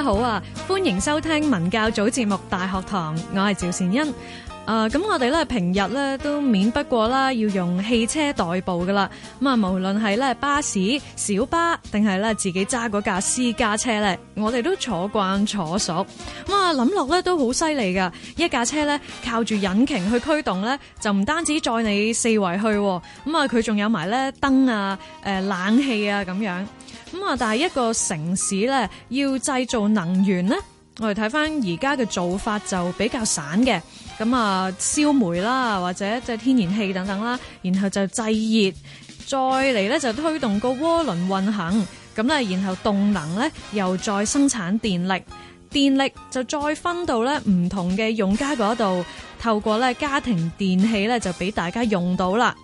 大家好啊！歡迎收聽文教組節目《大學堂》，我趙呃嗯，我係趙善恩。誒，咁我哋咧平日咧都免不過啦，要用汽車代步噶啦。咁啊，無論係咧巴士、小巴，定係咧自己揸嗰架私家車咧，我哋都坐慣坐熟。咁、嗯、啊，諗落咧都好犀利噶，一架車咧靠住引擎去驅動咧，就唔單止載你四圍去，咁啊，佢仲有埋咧燈啊、誒冷氣啊咁樣。咁啊！但係一個城市咧，要製造能源咧，我哋睇翻而家嘅做法就比較散嘅。咁啊，燒煤啦，或者即係天然氣等等啦，然後就製熱，再嚟咧就推動個渦輪運行，咁咧然後動能咧又再生產電力，電力就再分到咧唔同嘅用家嗰度，透過咧家庭電器咧就俾大家用到啦。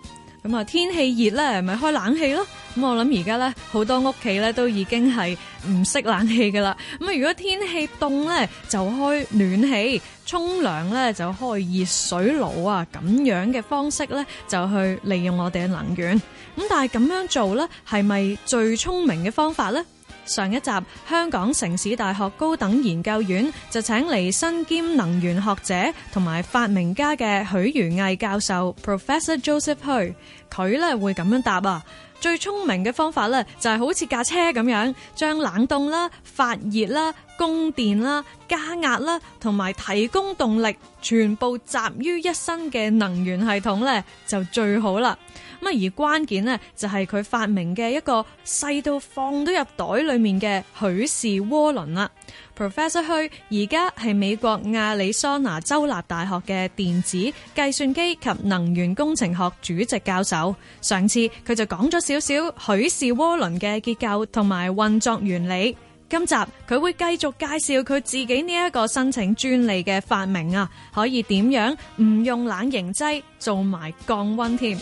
咁啊，天氣熱咧，咪開冷氣咯。咁我諗而家咧，好多屋企咧都已經係唔識冷氣噶啦。咁啊，如果天氣凍咧，就開暖氣；沖涼咧就開熱水爐啊，咁樣嘅方式咧就去利用我哋嘅能源。咁但係咁樣做咧，係咪最聰明嘅方法咧？上一集香港城市大學高等研究院就請嚟身兼能源學者同埋發明家嘅許如藝教授 Professor Joseph Hui，佢咧會咁樣答啊。最聰明嘅方法咧，就係好似架車咁樣，將冷凍啦、發熱啦。供電啦、加壓啦，同埋提供動力，全部集於一身嘅能源系統咧，就最好啦。咁而關鍵呢，就係、是、佢發明嘅一個細到放到入袋裏面嘅許氏渦輪啦。Professor Hui 而家係美國亞利桑那州立大學嘅電子、計算機及能源工程學主席教授。上次佢就講咗少少許氏渦輪嘅結構同埋運作原理。今集佢會繼續介紹佢自己呢一個申請專利嘅發明啊，可以點樣唔用冷凝劑做埋降温添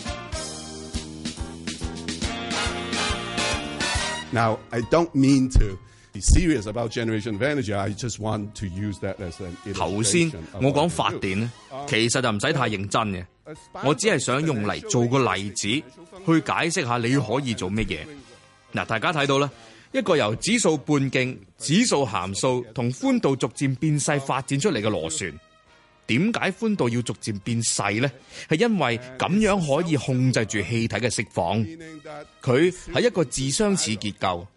？Now, I don't mean to be serious about generation of energy, I just want to use that as an illustration. 頭先我講發電咧，其實就唔使太認真嘅，我只係想用嚟做個例子去解釋下你可以做乜嘢。嗱，大家睇到啦。一個由指數半徑、指數函數同寬度逐漸變細發展出嚟嘅螺旋，點解寬度要逐漸變細咧？係因為咁樣可以控制住氣體嘅釋放。佢係一個自相似結構，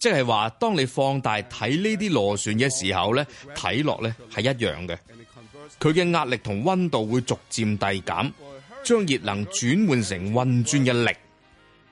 即係話當你放大睇呢啲螺旋嘅時候咧，睇落咧係一樣嘅。佢嘅壓力同溫度會逐漸遞減，將熱能轉換成運轉嘅力。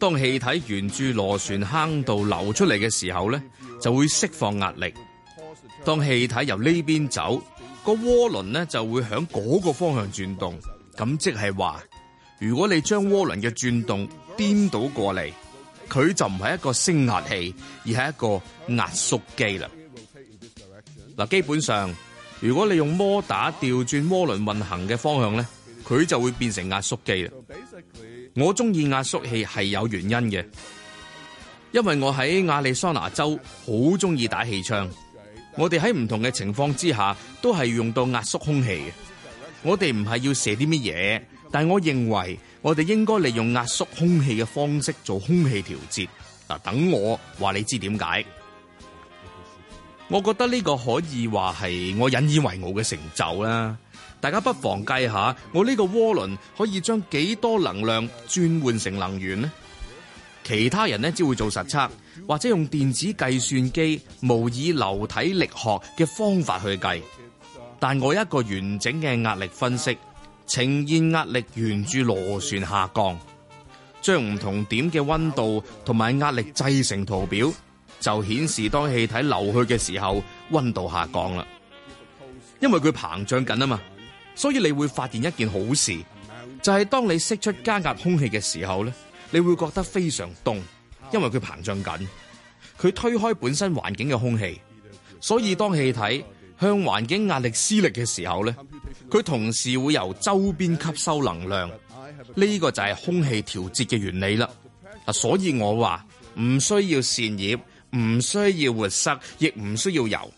當氣體沿住螺旋坑道流出嚟嘅時候咧，就會釋放壓力。當氣體由呢邊走，個渦輪咧就會向嗰個方向轉動。咁即係話，如果你將渦輪嘅轉動顛倒過嚟，佢就唔係一個升壓器，而係一個壓縮機啦。嗱，基本上，如果你用摩打調轉渦輪運行嘅方向咧，佢就會變成壓縮機啦。我中意壓縮器係有原因嘅，因為我喺亞利桑那州好中意打氣槍。我哋喺唔同嘅情況之下，都係用到壓縮空氣。我哋唔係要射啲乜嘢，但係我認為我哋應該利用壓縮空氣嘅方式做空氣調節。嗱，等我話你知點解。我覺得呢個可以話係我引以為傲嘅成就啦。大家不妨計下，我呢個渦輪可以將幾多能量轉換成能源呢？其他人呢只會做實測，或者用電子計算機模擬流體力學嘅方法去計。但我一個完整嘅壓力分析，呈現壓力沿住螺旋下降，將唔同點嘅溫度同埋壓力製成圖表，就顯示當氣體流去嘅時候，溫度下降啦，因為佢膨脹緊啊嘛。所以你會發現一件好事，就係當你釋出加壓空氣嘅時候咧，你會覺得非常凍，因為佢膨脹緊，佢推開本身環境嘅空氣。所以當氣體向環境壓力施力嘅時候咧，佢同時會由周邊吸收能量。呢個就係空氣調節嘅原理啦。嗱，所以我話唔需要扇葉，唔需要活塞，亦唔需要油，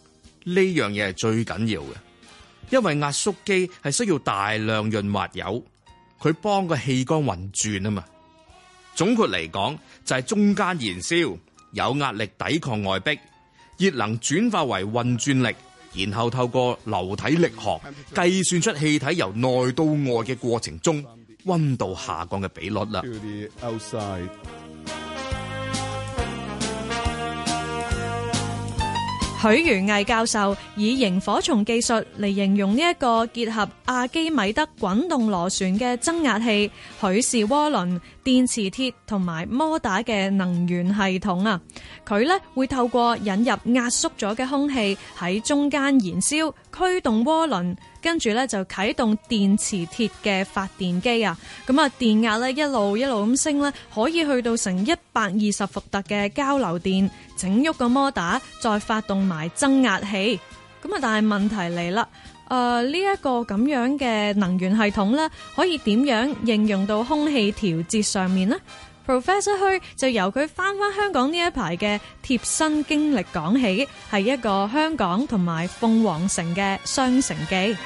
呢樣嘢係最緊要嘅。因為壓縮機係需要大量潤滑油，佢幫個氣缸運轉啊嘛。總括嚟講，就係中間燃燒，有壓力抵抗外壁，熱能轉化為運轉力，然後透過流體力學計算出氣體由內到外嘅過程中溫度下降嘅比率啦。許如藝教授以螢火蟲技術嚟形容呢一個結合阿基米德滾動螺旋嘅增壓器許氏渦輪。電磁鐵同埋摩打嘅能源系統啊，佢呢會透過引入壓縮咗嘅空氣喺中間燃燒，驅動渦輪，跟住呢就啟動電磁鐵嘅發電機啊，咁啊，電壓呢一路一路咁升呢，可以去到成一百二十伏特嘅交流電，整喐個摩打，再發動埋增壓器，咁啊，但係問題嚟啦。誒呢一個咁樣嘅能源系統咧，可以點樣應用到空氣調節上面咧 ？Professor Hui 就由佢翻返香港呢一排嘅貼身經歷講起，係一個香港同埋鳳凰城嘅雙城記。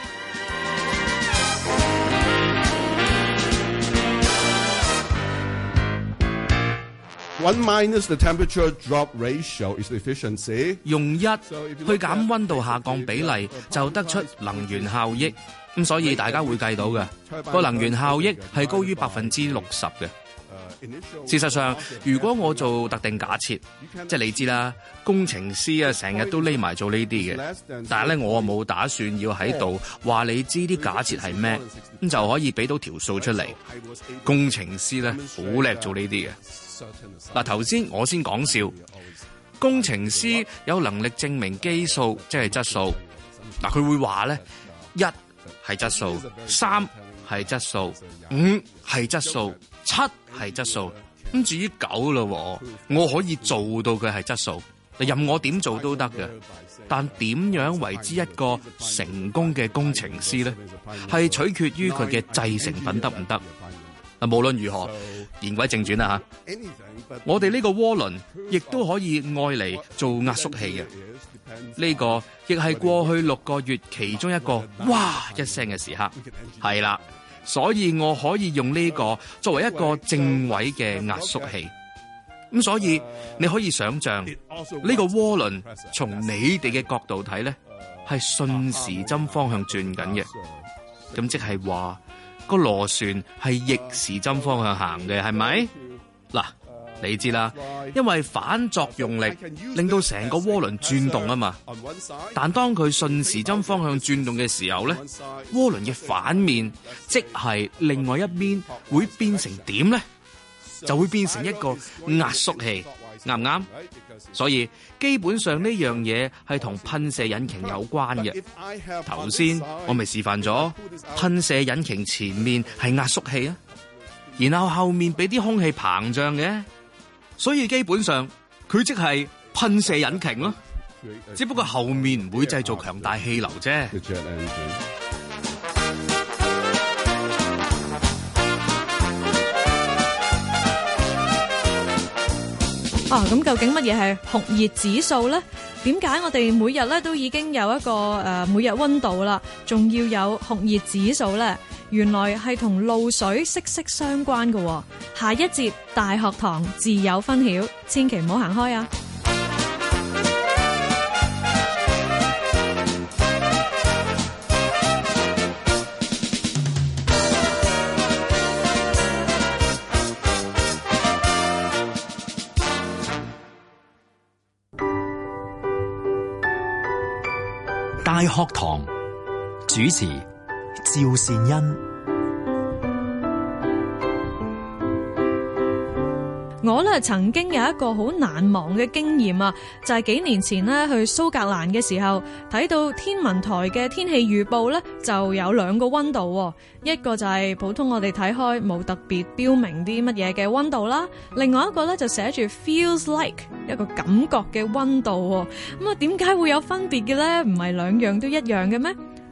One minus the temperature drop ratio is the efficiency。用一去減温度下降比例，就得出能源效益。咁所以大家會計到嘅個能源效益係高於百分之六十嘅。事實上，如果我做特定假設，即係你知啦，工程師啊成日都匿埋做呢啲嘅。但係咧，我冇打算要喺度話你知啲假設係咩，咁就可以俾到條數出嚟。工程師咧，好叻做呢啲嘅。嗱，頭先我先講笑，工程師有能力證明基數即係質數。嗱，佢會話咧，一係質數，三係質數，五係質數，七係質數。咁至於九咯，我可以做到嘅係質數，任我點做都得嘅。但點樣為之一個成功嘅工程師咧？係取決於佢嘅製成品得唔得？嗱，無論如何，so, 言歸正傳啦嚇。啊、我哋呢個渦輪亦都可以愛嚟做壓縮器嘅，呢個亦係過去六個月其中一個哇一聲嘅時刻，係啦、嗯。所以我可以用呢個作為一個正位嘅壓縮器。咁、嗯、所以你可以想象呢個渦輪從你哋嘅角度睇咧，係、嗯、順時針方向轉緊嘅。咁即係話。個螺旋係逆時針方向行嘅，係咪？uh, 嗱，uh, 你知啦，uh, 因為反作用力令到成個渦輪轉動啊嘛。但當佢順時針方向轉動嘅時候咧，渦輪嘅反面，uh, 即係另外一邊，會變成點咧？Uh, 就會變成一個壓縮器。啱唔啱？所以基本上呢樣嘢係同噴射引擎有關嘅。頭先我咪示範咗，噴射引擎前面係壓縮器啊，然後後面俾啲空氣膨脹嘅，所以基本上佢即係噴射引擎咯，只不過後面唔會製造強大氣流啫。咁、哦、究竟乜嘢係酷熱指數呢？點解我哋每日咧都已經有一個誒、呃、每日溫度啦，仲要有酷熱指數呢？原來係同露水息息相關噶、哦。下一節大學堂自有分曉，千祈唔好行開啊！學堂主持：趙善恩。我咧曾經有一個好難忘嘅經驗啊，就係、是、幾年前咧去蘇格蘭嘅時候，睇到天文台嘅天氣預報咧就有兩個溫度，哦，一個就係普通我哋睇開冇特別標明啲乜嘢嘅溫度啦，另外一個咧就寫住 feels like 一個感覺嘅溫度，哦，咁啊點解會有分別嘅咧？唔係兩樣都一樣嘅咩？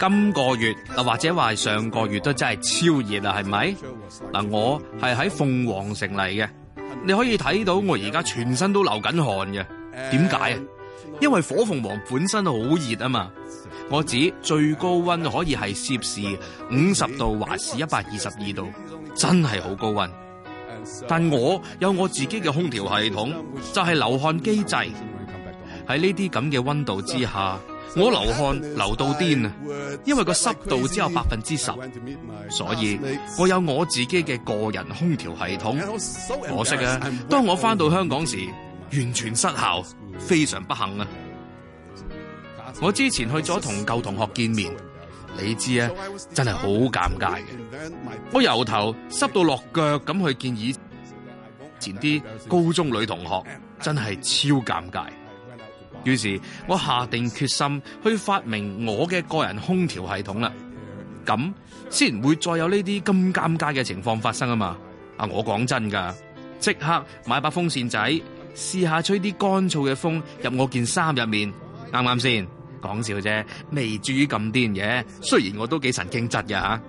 今個月啊，或者話係上個月都真係超熱啦，係咪？嗱，啊，我係喺鳳凰城嚟嘅，你可以睇到我而家全身都流緊汗嘅，點解啊？因為火鳳凰本身好熱啊嘛，我指最高溫可以係攝氏五十度或是一百二十二度，真係好高溫。但我有我自己嘅空調系統，就係、是、流汗機制喺呢啲咁嘅溫度之下。我流汗流到癲啊！因為個濕度只有百分之十，所以我有我自己嘅個人空調系統。可惜啊，當我翻到香港時，完全失效，非常不幸啊！我之前去咗同舊同學見面，你知啊，真係好尷尬嘅。我由頭濕到落腳咁去見以前啲高中女同學，真係超尷尬。於是我下定決心去發明我嘅個人空調系統啦，咁先唔會再有呢啲咁尷尬嘅情況發生啊嘛！啊，我講真噶，即刻買把風扇仔，試下吹啲乾燥嘅風入我件衫入面。啱啱先講笑啫，未至於咁癲嘅。雖然我都幾神經質嘅吓。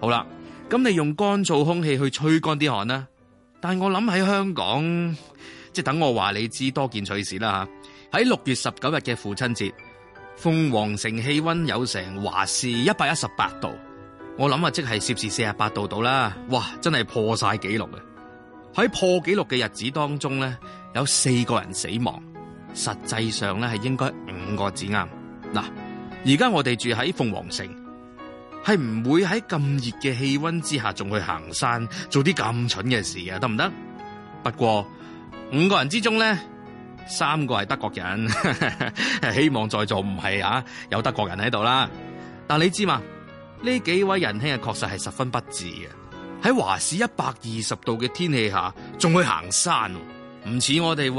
好啦，咁你用乾燥空氣去吹乾啲汗啦。但係我諗喺香港，即係等我話你知多件趣事啦吓。喺六月十九日嘅父親節，鳳凰城氣溫有成華氏一百一十八度，我諗啊，即係攝氏四十八度度啦。哇，真係破晒紀錄啊！喺破紀錄嘅日子當中咧，有四個人死亡，實際上咧係應該五個至啱。嗱，而家我哋住喺鳳凰城，係唔會喺咁熱嘅氣溫之下仲去行山做啲咁蠢嘅事啊，得唔得？不過五個人之中咧。三個係德國人呵呵，希望在座唔係啊有德國人喺度啦。但你知嘛？呢幾位仁兄啊，確實係十分不智嘅。喺華氏一百二十度嘅天氣下，仲去行山，唔似我哋，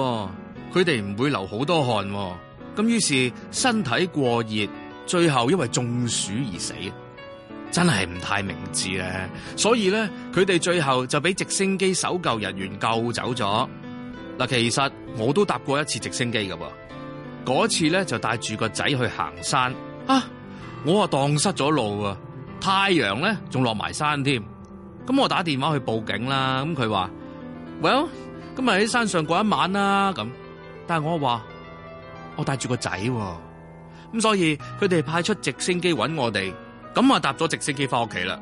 佢哋唔會流好多汗。咁、啊、於是身體過熱，最後因為中暑而死，真係唔太明智咧。所以咧，佢哋最後就俾直升機搜救人員救走咗。嗱，其實我都搭過一次直升機㗎、哦，嗰次咧就帶住個仔去行山啊，我啊蕩失咗路啊，太陽咧仲落埋山添，咁我打電話去報警啦，咁佢話，Well，咁咪喺山上過一晚啦，咁、啊，但係我話，我帶住個仔，咁所以佢哋派出直升機揾我哋，咁我搭咗直升機返屋企啦，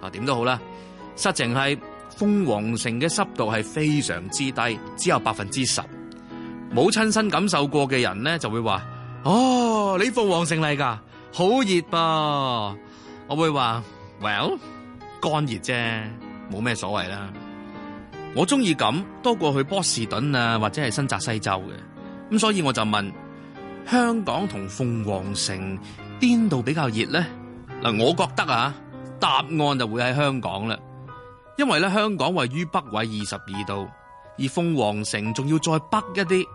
啊，點都好啦，實情係。鳳凰城嘅濕度係非常之低，只有百分之十。冇親身感受過嘅人咧，就會話：哦，你鳳凰城嚟噶，好熱噃啊！我會話：Well，乾熱啫，冇咩所謂啦。我中意咁多過去波士頓啊，或者係新澤西州嘅咁，所以我就問：香港同鳳凰城邊度比較熱咧？嗱，我覺得啊，答案就會喺香港啦。因為咧，香港位於北緯二十二度，而鳳凰城仲要再北一啲。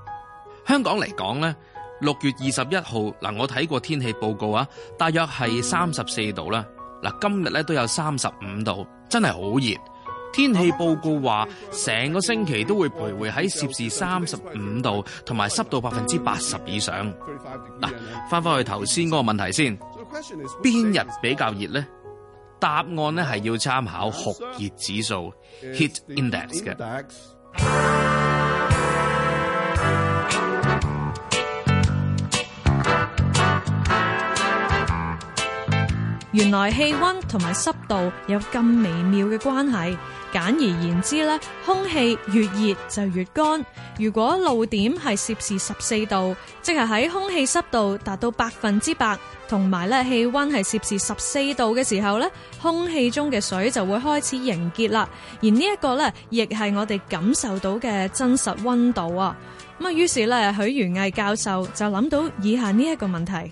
香港嚟講咧，六月二十一號，嗱我睇過天氣報告啊，大約係三十四度啦。嗱，今日咧都有三十五度，真係好熱。天氣報告話，成個星期都會徘徊喺攝氏三十五度，同埋濕度百分之八十以上。嗱，翻翻去頭先個問題先，邊日比較熱咧？答案呢係要參考酷熱指數 heat index 嘅。原來氣溫同埋濕度有咁微妙嘅關係，簡而言之咧，空氣越熱就越乾。如果露點係攝氏十四度，即係喺空氣濕度達到百分之百，同埋咧氣溫係攝氏十四度嘅時候咧，空氣中嘅水就會開始凝結啦。而呢一個咧，亦係我哋感受到嘅真實溫度啊。咁啊，於是咧，許如藝教授就諗到以下呢一個問題。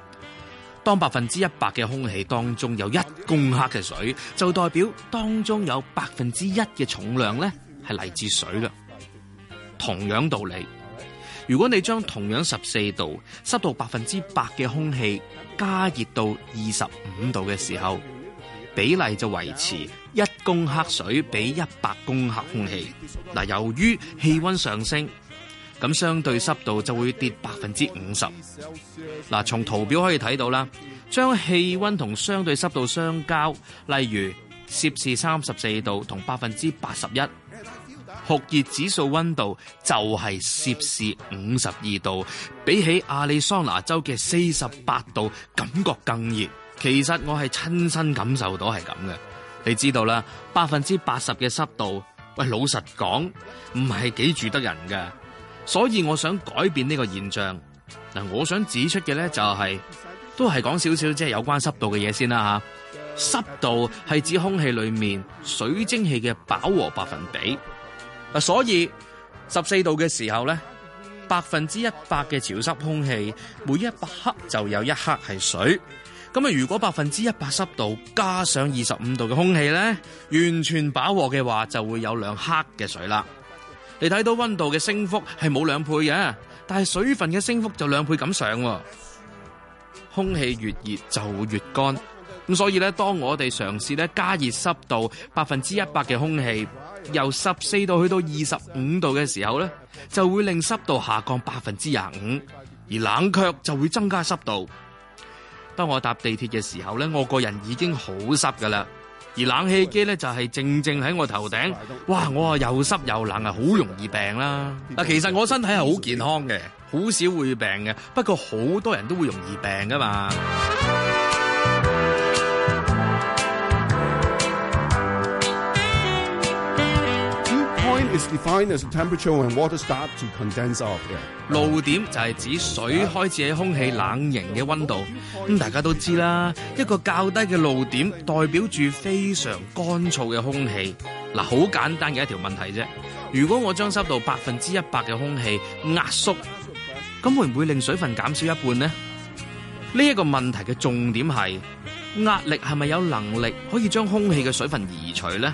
當百分之一百嘅空氣當中有一公克嘅水，就代表當中有百分之一嘅重量呢係嚟自水嘅。同樣道理，如果你將同樣十四度濕度百分之百嘅空氣加熱到二十五度嘅時候，比例就維持一公克水比一百公克空氣。嗱，由於氣温上升。咁相對濕度就會跌百分之五十。嗱，從圖表可以睇到啦，將氣温同相對濕度相交，例如攝氏三十四度同百分之八十一，酷熱指數温度就係攝氏五十二度，比起亞利桑那州嘅四十八度感覺更熱。其實我係親身感受到係咁嘅，你知道啦，百分之八十嘅濕度，喂，老實講唔係幾住得人嘅。所以我想改變呢個現象。嗱，我想指出嘅呢，就係，都係講少少即係有關濕度嘅嘢先啦嚇。濕度係指空氣裏面水蒸氣嘅飽和百分比。所以十四度嘅時候呢，百分之一百嘅潮濕空氣每一百克就有一克係水。咁啊，如果百分之一百濕度加上二十五度嘅空氣呢，完全飽和嘅話，就會有兩克嘅水啦。你睇到温度嘅升幅係冇兩倍嘅，但係水分嘅升幅就兩倍咁上。空氣越熱就會越乾，咁所以咧，當我哋嘗試咧加熱濕度百分之一百嘅空氣，由十四度去到二十五度嘅時候咧，就會令濕度下降百分之廿五，而冷卻就會增加濕度。當我搭地鐵嘅時候咧，我個人已經好濕噶啦。而冷氣機咧就係正正喺我頭頂，哇！我啊又濕又冷啊，好容易病啦。嗱，其實我身體係好健康嘅，好少會病嘅。不過好多人都會容易病㗎嘛。露點就係指水開始喺空氣冷凝嘅溫度。咁、嗯、大家都知啦，一個較低嘅露點代表住非常乾燥嘅空氣。嗱、啊，好簡單嘅一條問題啫。如果我將濕度百分之一百嘅空氣壓縮，咁會唔會令水分減少一半呢？呢、這、一個問題嘅重點係壓力係咪有能力可以將空氣嘅水分移除呢？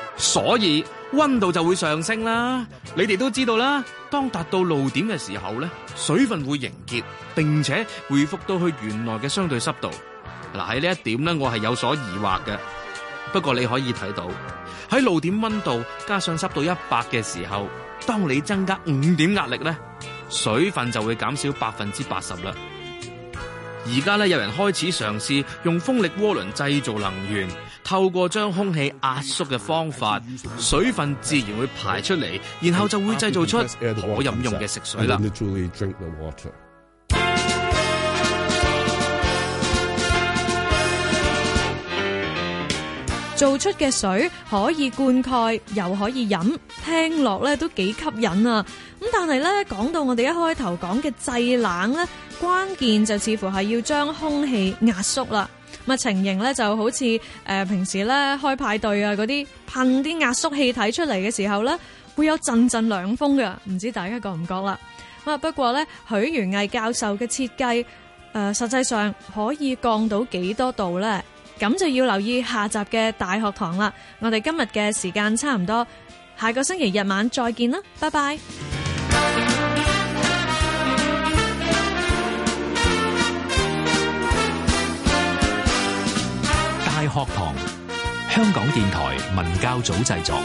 所以溫度就會上升啦。你哋都知道啦，當達到露點嘅時候咧，水分會凝結，並且回復到去原來嘅相對濕度。嗱，喺呢一點咧，我係有所疑惑嘅。不過你可以睇到，喺露點溫度加上濕度一百嘅時候，當你增加五點壓力咧，水分就會減少百分之八十啦。而家咧，有人開始嘗試用風力渦輪製造能源。透過將空氣壓縮嘅方法，水分自然會排出嚟，然後就會製造出可飲用嘅食水啦。做出嘅水可以灌溉又可以飲，聽落咧都幾吸引啊！咁但係咧，講到我哋一開頭講嘅製冷咧，關鍵就似乎係要將空氣壓縮啦。咁啊情形咧就好似誒、呃、平時咧開派對啊嗰啲，噴啲壓縮氣體出嚟嘅時候咧，會有陣陣涼風嘅，唔知大家覺唔覺啦？咁啊不過咧，許如藝教授嘅設計誒，實際上可以降到幾多度咧？咁就要留意下集嘅大學堂啦。我哋今日嘅時間差唔多，下個星期日晚再見啦，拜拜。香港電台文教組製作。